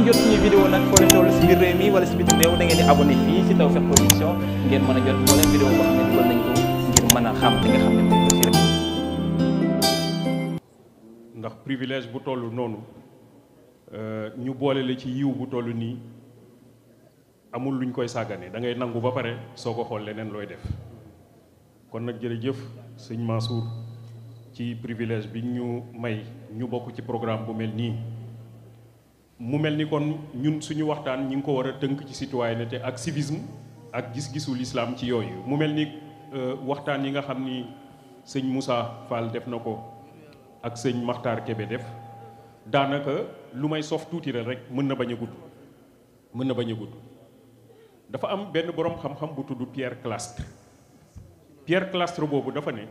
ngeen da ngeen di abonné fii si ngeen mën a jot moo leen vidéo boo ko mën a xam li ndax privilège bu toll noonu euh, ñu boole ci yiw bu toll nii amul luñ koy sàggane dangay nangu ba pare soo ko xool leneen looy def kon nag jërëjëf sëñ Mansour ci privilège bi ñu may ñu bokk ci programme bu mel nii. mu mel ni kon ñun suñu waxtaan ñi ngi ko war a tënk ci te ak civisme ak gis-gisu lislaam ci yooyu mu mel ni euh, waxtaan yi nga xam ni sëñ Moussa Fall def na ko ak sëñ Makhtar kebe def daanaka lu may sof tuuti rek mën na bañ a gudd mën na bañ a dafa am benn boroom xam-xam bu tudd Pierre Clastre Pierre Clastre boobu dafa ne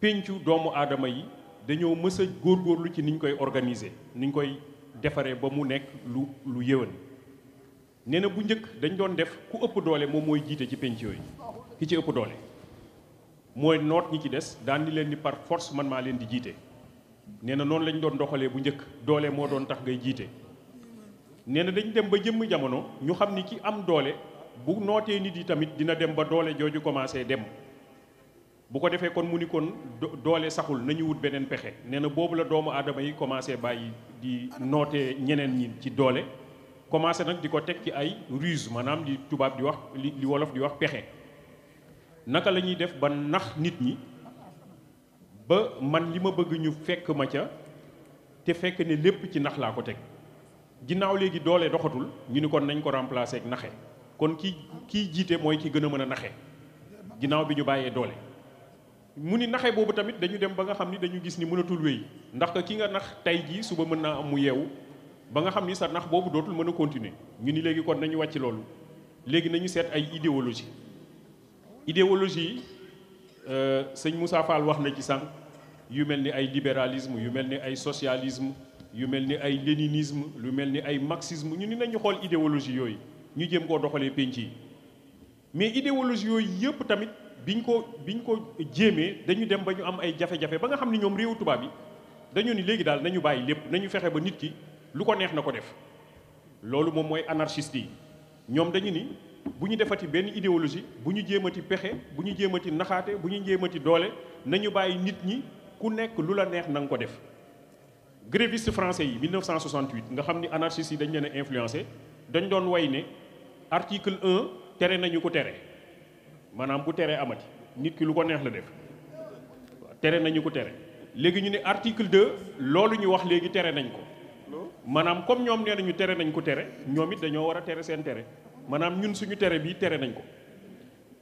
péncu doomu aadama yi dañoo mës góor góorlu ci niñ koy organiser niñ koy defaree ba mu nekk lu lu yëwan nee na bu njëkk dañ doon def ku ëpp doole moom mooy jiite ci penc yooyu ki ci ëpp doole mooy noot ñi ci des daan ni leen ni par force man maa leen di jiite nee na noonu lañ doon doxalee bu njëkk doole moo doon tax ngay jiite nee na dañ dem ba jëmm jamono ñu xam ni ci am doole bu nootee nit yi tamit dina dem ba doole jooju commencé dem bu ko defee kon mu ni kon doole saxul nañu wut beneen pexe nee na boobu la doomu aadama yi commencé bàyyi di nootee ñeneen ñi ci doole commencé nag di ko teg ci ay ruse maanaam di tubaab di wax li wolof di wax pexe naka la ñuy def ba nax nit ñi ba man li ma bëgg ñu fekk ma ca te fekk ne lépp ci nax laa ko teg ginnaaw léegi doole doxatul ñu ni kon nañ ko remplacer ak naxe kon ki kiy jiite mooy ki gën a mën a naxe ginnaaw bi ñu bàyyee doole mu ni naxe boobu tamit dañu dem ba nga xam ni dañu gis ni mënatul wéy ndax ki nga nax tey jii suba mën naa am mu yeewu ba nga xam ni sa nax boobu dootul mën a continuer ñu ni léegi kon nañu wàcc loolu léegi nañu seet ay idéologie idéologie yi euh, sëñ Moussa Fall wax na ci sànq yu mel ni ay libéralisme yu mel ni ay socialisme yu mel ni ay léninisme lu mel ni ay marxisme ñu ni nañu xool idéologie yooyu ñu jëm koo doxalee pénc yi mais idéologie yooyu yëpp tamit biñ ko biñ ko jéemee dañu dem ba ñu am ay jafe-jafe ba nga xam ne ñoom réew tubaab yi dañu ni léegi daal nañu bàyyi lépp nañu fexe ba nit ki lu ko neex na ko def loolu moom mooy anarchiste yi ñoom dañu ni bu ñu defati benn idéologie bu ñu jéemati pexe bu ñu jéemati naxaate bu ñu jéemati doole nañu bàyyi nit ñi ku nekk lu la neex na nga ko def gréviste français yi 1968 nga xam ni anarchiste yi dañ leen a influencé dañ doon way ne article 1 tere nañu ko tere maanaam bu teree amati nit ki lu ko neex la def tere nañu ko tere léegi ñu ne article 2 loolu ñu wax léegi tere nañ ko maanaam comme ñoom nee nañu tere nañ ko tere ñoomit dañoo war a tere seen tere maanaam ñun suñu tere bii tere nañ ko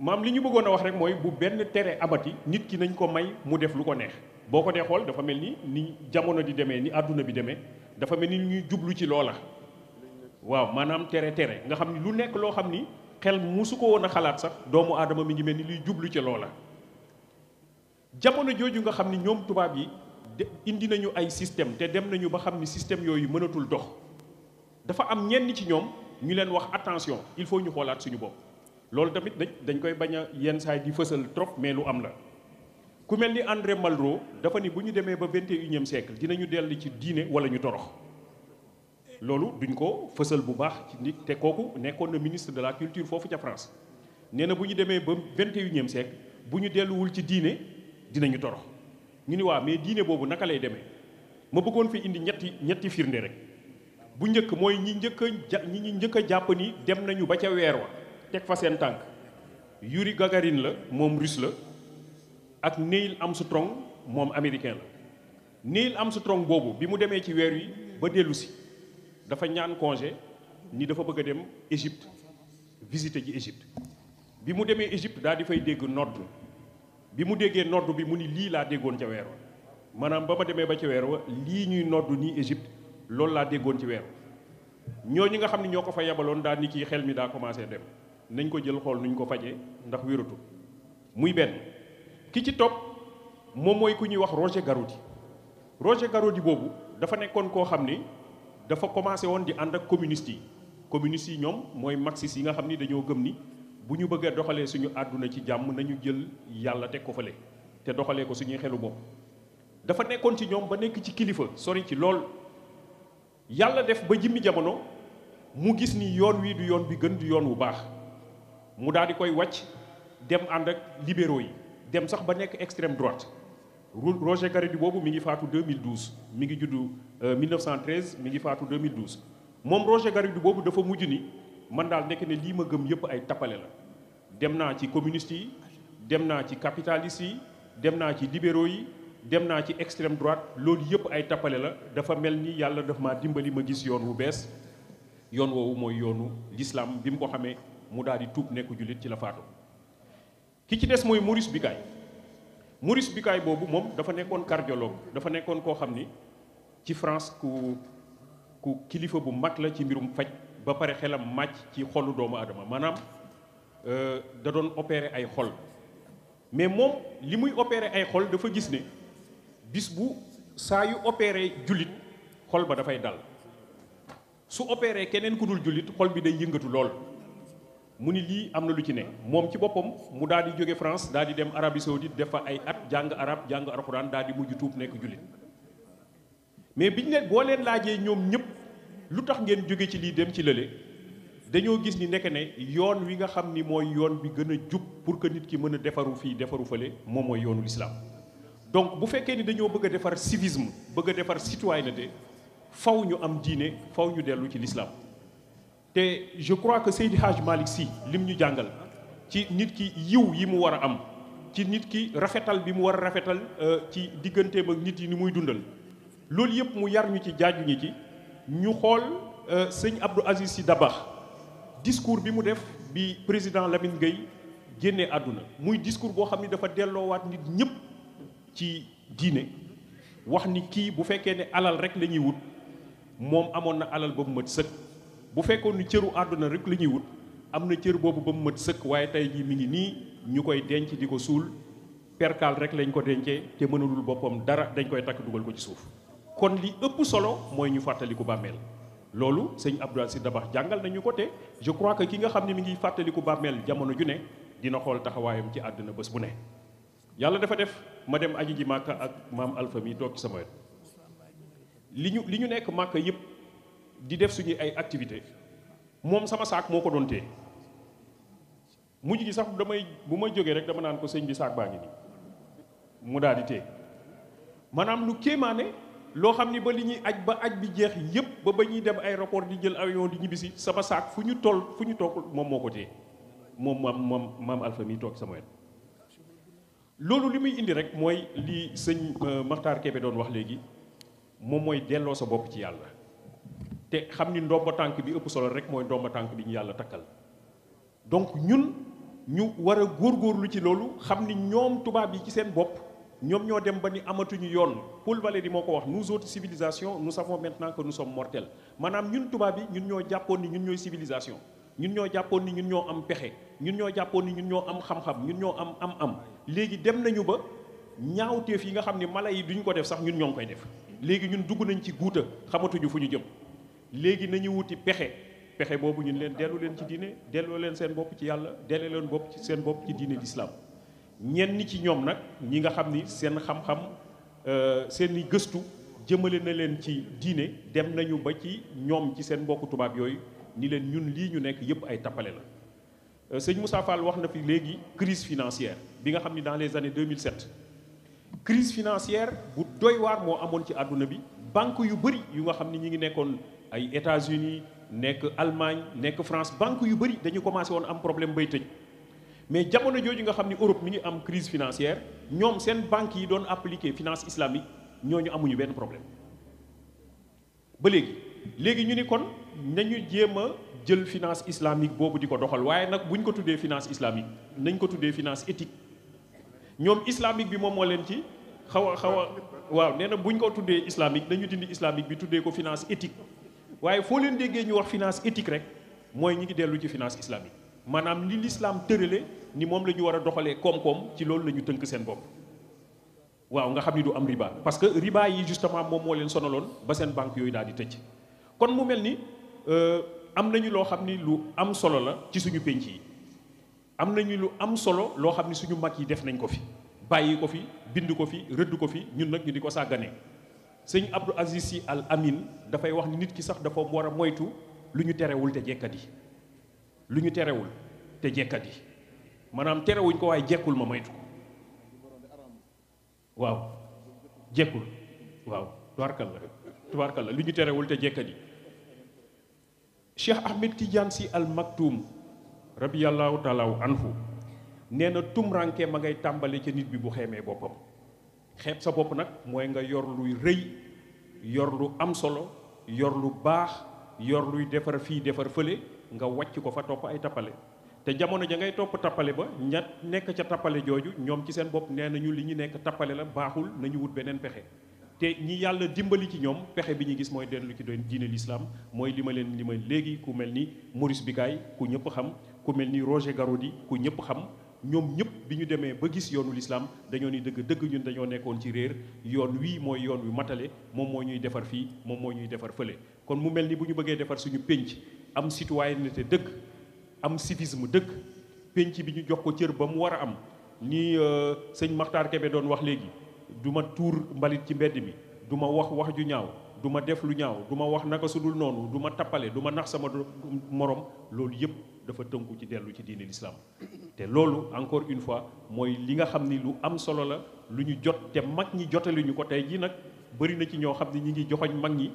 maam li ñu bëggoon a wax rek mooy bu benn tere amati nit ki nañ ko may mu def lu ko neex boo ko dee xool dafa mel ni ni jamono di demee ni àdduna bi demee dafa mel ni ñuy jublu ci loola waaw maanaam tere tere nga xam ni lu nekk loo xam ni xel musu ko woon a xalaat sax doomu aadama mi ngi mel ni luy jublu ci loola jamono jooju nga xam ni ñoom tubaab yi indi nañu ay système te dem nañu ba xam ni système yooyu mënatul dox dafa am ñenn ci ñoom ñu leen wax attention il faut ñu xoolaat suñu bopp loolu tamit dañ koy bañ a yenn saay di fësal trop mais lu am la ku mel ni André Malraux dafa ni bu ñu demee ba vingt et unième siècle dinañu dell ci diine wala ñu torox loolu duñ ko fësal bu baax ci nit te kooku nekkoon na ministre de la culture foofu ca France nee na bu ñu demee ba vingt et unième siècle bu ñu delluwul ci diine dinañu torox ñu ni waa mais diine boobu naka lay demee ma bëggoon fi indi ñetti ñetti firnde rek bu njëkk mooy ñi njëkk a ñi ñu njëkk a jàpp ni dem nañu ba ca weer wa teg fa seen tànk Yuri Gagarin la moom russe la ak am Armstrong moom américain la Neil Armstrong boobu bi mu demee ci weer wi ba dellusi dafa ñaan congé ni dafa bëgg a dem Égypte visité ji Égypte bi mu demee Égypte daal di fay dégg nodd bi mu déggee nodd bi mu ni lii laa déggoon ca weer wa maanaam ba ma demee ba ca weer wa lii ñuy nodd nii Égypte loolu laa déggoon ci weer ñoo ñi nga xam ne ñoo ko fa yabaloon daal ni kii xel mi daa commencé dem nañ ko jël xool nuñ ko faje ndax wératu muy benn ki ci topp moom mooy ku ñuy wax Roger Garaudy Roger Garaudy boobu dafa nekkoon koo xam ni dafa commencé woon di ànd ak communiste yi communiste yi ñoom mooy marxiste yi nga xam ni dañoo gëm ni bu ñu bëggee doxalee suñu àdduna ci jàmm nañu jël yàlla teg ko fële te doxalee ko suñuy xelu bopp dafa nekkoon ci ñoom ba nekk ci kilifa sori ci lool yàlla def ba jimmi jamono mu gis ni yoon wii du yoon bi gën du yoon wu baax mu daal di koy wàcc dem ànd ak libéraux yi dem sax ba nekk extreme droite Roger Garaudy boobu mi ngi faatu 2012 mi ngi juddu 1913 euh, mi ngi faatu 2012 moom Roger Garaudy boobu dafa mujj ni man daal nekk ne lii ma gëm yëpp ay tappale la dem naa ci communiste yi dem naa ci capitaliste yi dem naa ci libéraux yi dem naa ci extrême droite loolu yëpp ay tappale la dafa mel ni yàlla dafa maa dimbali ma gis yoon wu bees yoon woowu mooy yoonu l'islam bi mu ko xamee mu daal di tuub nekk jullit ci la faatu ki ci des mooy Maurice Bucaille Maurice Bucaille boobu moom dafa nekkoon cardiologue dafa nekkoon koo xam ni ci France ku ku kilifa bu mag la ci mbirum faj ba pare xelam màcc ci xolu doomu aadama maanaam euh, da doon opérer ay xol mais moom li muy opérer ay xol dafa gis ne bis bu saa yu opérer jullit xol ba dafay dal su opérer keneen ku dul jullit xol bi day yëngatu lool mu ni lii am na lu ci ne moom ci boppam mu daal di jóge France daal di dem Arabie Saoudite def fa ay at jàng arab jàng alxuraan daal di mujj tuub nekk jullit mais biñ nekk boo leen laajee ñoom ñëpp lu tax ngeen jóge ci lii dem ci lële dañoo gis ni nekk ne yoon wi nga xam ni mooy yoon bi gën a jub pour que nit ki mën a defaru fii defaru fële moom mooy yoonu lislaam donc bu fekkee ni dañoo bëgg a defar civisme bëgg a defar de faw ñu am diine faw ñu dellu ci lislaam te je crois que Seydi Hadj Malick Sy lim ñu jàngal ci nit ki yiw yi mu war a am ci nit ki rafetal bi mu war a rafetal euh, ci digganteem ak nit yi ni muy dundal loolu yëpp mu yar ñu ci jaaju ñi ci ñu xool euh, sëñ Abdou Aziz Sy Dabakh discours bi mu def bi président Lamine Gueye génnee àdduna muy discours boo xam ni dafa delloowaat nit ñëpp ci diine wax ni kii bu fekkee ne alal rek lañuy wut moom amoon na alal ba mu mat sëkk bu fekkoon ni cëru àdduna rek la ñuy wut am na cër boobu ba mu mët sëkk waaye tey jii mi ngi nii ñu koy denc di ko suul perkaal rek lañ ko dencee te mënalul boppam dara dañ koy takk dugal ko ci suuf kon li ëpp solo mooy ñu fàttaliku bàmmeel loolu sëñ Abdou Aziz Dabakh jàngal nañu ko te je crois que ki nga xam ne mi ngi fàttaliku bàmmeel jamono ju ne dina xool taxawaayam ci àdduna bés bu ne yàlla dafa def ma dem aji ji màkka ak maam Alpha toog ci sama li ñu nekk màkka yëpp di def suñu ay activité moom sama saak moo ko doon téye mujj gi sax damay bu ma jógee rek dama naan ko sëñ bi saak baa ngi nii mu daal di téye maanaam lu kéemaane loo xam ni ba li ñuy aj ba aj bi jeex yépp ba ba ñuy dem ay aéroport di jël avion di ñibbisi sama saak fu ñu toll fu ñu toog moom moo ko téye moom maam maam maam Alpha toog sama loolu li muy indi rek mooy lii sëñ euh, Makhtar Kébé doon wax léegi moom mooy delloo sa bopp ci yàlla te xam ni ndomba tànk bi ëpp solo rek mooy ndomba tànk bi ñu yàlla takkal donc ñun ñu war a góorgóorlu ci loolu xam ni ñoom tubaab yi ci seen bopp ñoom ñoo dem ba ni amatuñu yoon Paul Valéry moo ko wax nous autres civilisations sa savons maintenant que nous sommes mortels maanaam ñun tubaab yi ñun ñoo jàppoon ni ñun ñooy civilisation ñun ñoo jàppoon ni ñun ñoo am pexe ñun ñoo jàppoon ni ñun ñoo am xam-xam ñun ñoo am am am léegi dem nañu ba ñaawteef yi nga xam ne mala yi duñ ko def sax ñun ñoo ngi koy def léegi ñun dugg nañ ci guuta xamatuñu fu ñu jëm léegi nañu wuti pexe pexe boobu ñu ni leen dellu leen ci diine delloo leen seen bopp ci yàlla delloo leen bopp ci seen bopp ci diine lislaam ñenn ñi ci ñoom nag ñi nga xam ni seen xam-xam euh, seen i gëstu jëmale na leen ci diine dem nañu ba ci ñoom ci seen mbokku tubaab yooyu ni leen ñun lii ñu nekk yëpp ay tappale la euh, sëñ Moussa Fall wax na fi léegi crise financière bi nga xam ni dans les années 2007 crise financière bu doy waar moo amoon ci àdduna bi banque yu bëri yu nga xam ni ñi ngi nekkoon ay États-Unis nekk Allemagne nekk France banque yu bëri dañu commencé woon am problème bay tëj mais jamono jooju nga xam ni Europe mi ngi am crise financière ñoom seen banques yi doon appliquer finance islamique ñooñu amuñu benn problème ba léegi léegi ñu ni kon nañu jéem a jël finance islamique boobu di ko doxal waaye nag buñ ko tuddee finance islamique nañ ko tuddee finance éthique ñoom islamique bi moom moo leen ci xaw a xaw a waaw nee na buñ ko tuddee islamique nañu dindi islamique bi tuddee ko finance éthique waaye foo leen déggee ñu wax finance éthique rek mooy ñu ngi dellu ci finance islamique maanaam li lislaam tërale ni moom la ñu war a doxalee koom-koom ci loolu la ñu tënk seen bopp waaw nga xam ni du am riba parce que riba yi justement moom moo leen loon ba seen banque yooyu daal di tëj kon mu mel ni euh, am nañu loo xam ni lu am solo la ci suñu penc yi am nañu lu am solo loo xam ni suñu mag yi def nañ ko fi bàyyi ko fi bind ko fi rëdd ko fi ñun nag ñ di ko sàgganee sëñ Abdou Aziz Sy Al Amin dafay wax nit ki sax dafa war a moytu lu ñu terewul te jekkadi lu ñu terewul te jekkadi maanaam terewuñ ko waaye jekkul ma moytu ko waaw jekkul waaw tubaarkal la tubaarkal la lu ñu terewul te jekkadi Cheikh Ahmed Tidiane si Al Maktoum rabiyallahu taala anhu nee na tumranke ma ngay tàmbali ca nit bi bu xeemee boppam xeeb sa bopp nag mooy nga yor luy rëy yor lu am solo yor lu baax yor luy defar fii defar fële nga wàcc ko fa topp ay tappale te jamono ja ngay topp tappale ba ña nekk ca tappale jooju ñoom ci seen bopp nee na ñu li ñu nekk tappale la baaxul nañu wut beneen pexe te ñi yàlla dimbali ci ñoom pexe bi ñu gis mooy dellu ci doon diine l'islam mooy li ma leen li ma léegi ku mel ni Maurice Bikaay ku ñëpp xam ku mel ni Roger garodi ku ñëpp xam ñoom ñëpp bi ñu demee ba gis yoonu lislaam dañoo ni dëgg dëgg ñun dañoo nekkoon ci réer yoon wii mooy yoon wi matale moom moo ñuy defar fii moom moo ñuy defar fële kon mu mel ni bu ñu bëggee defar suñu pénc am citoyenneté dëgg am civisme dëgg pénc bi ñu jox ko cër ba mu war a am ni euh, sëñ Maxtaar Kebe doon wax léegi du ma tuur mbalit ci mbedd mi du ma wax wax ju ñaaw duma def lu ñaaw du ma wax naka su dul noonu du ma tappale du ma nax sama morom loolu yëpp dafa tënku ci dellu ci diine l'islam te loolu encore une fois mooy li nga xam ni lu am solo la lu ñu jot te mag ñi jotali ñu ko tey jii nag bari na ci ñoo xam ni ñu ngi joxoñ mag ñi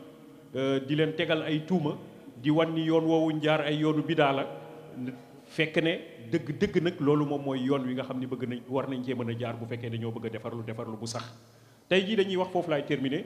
euh, di leen tegal ay tuuma di wan ni yoon woowu njaar ay yoonu bidaa la fekk ne dëgg dëgg nag loolu moom mooy yoon wi nga xam ne bëgg nañ war nañ cee mën a jaar bu fekkee dañoo bëgg a defarlu defarlu bu sax tey jii dañuy wax foofu laay terminer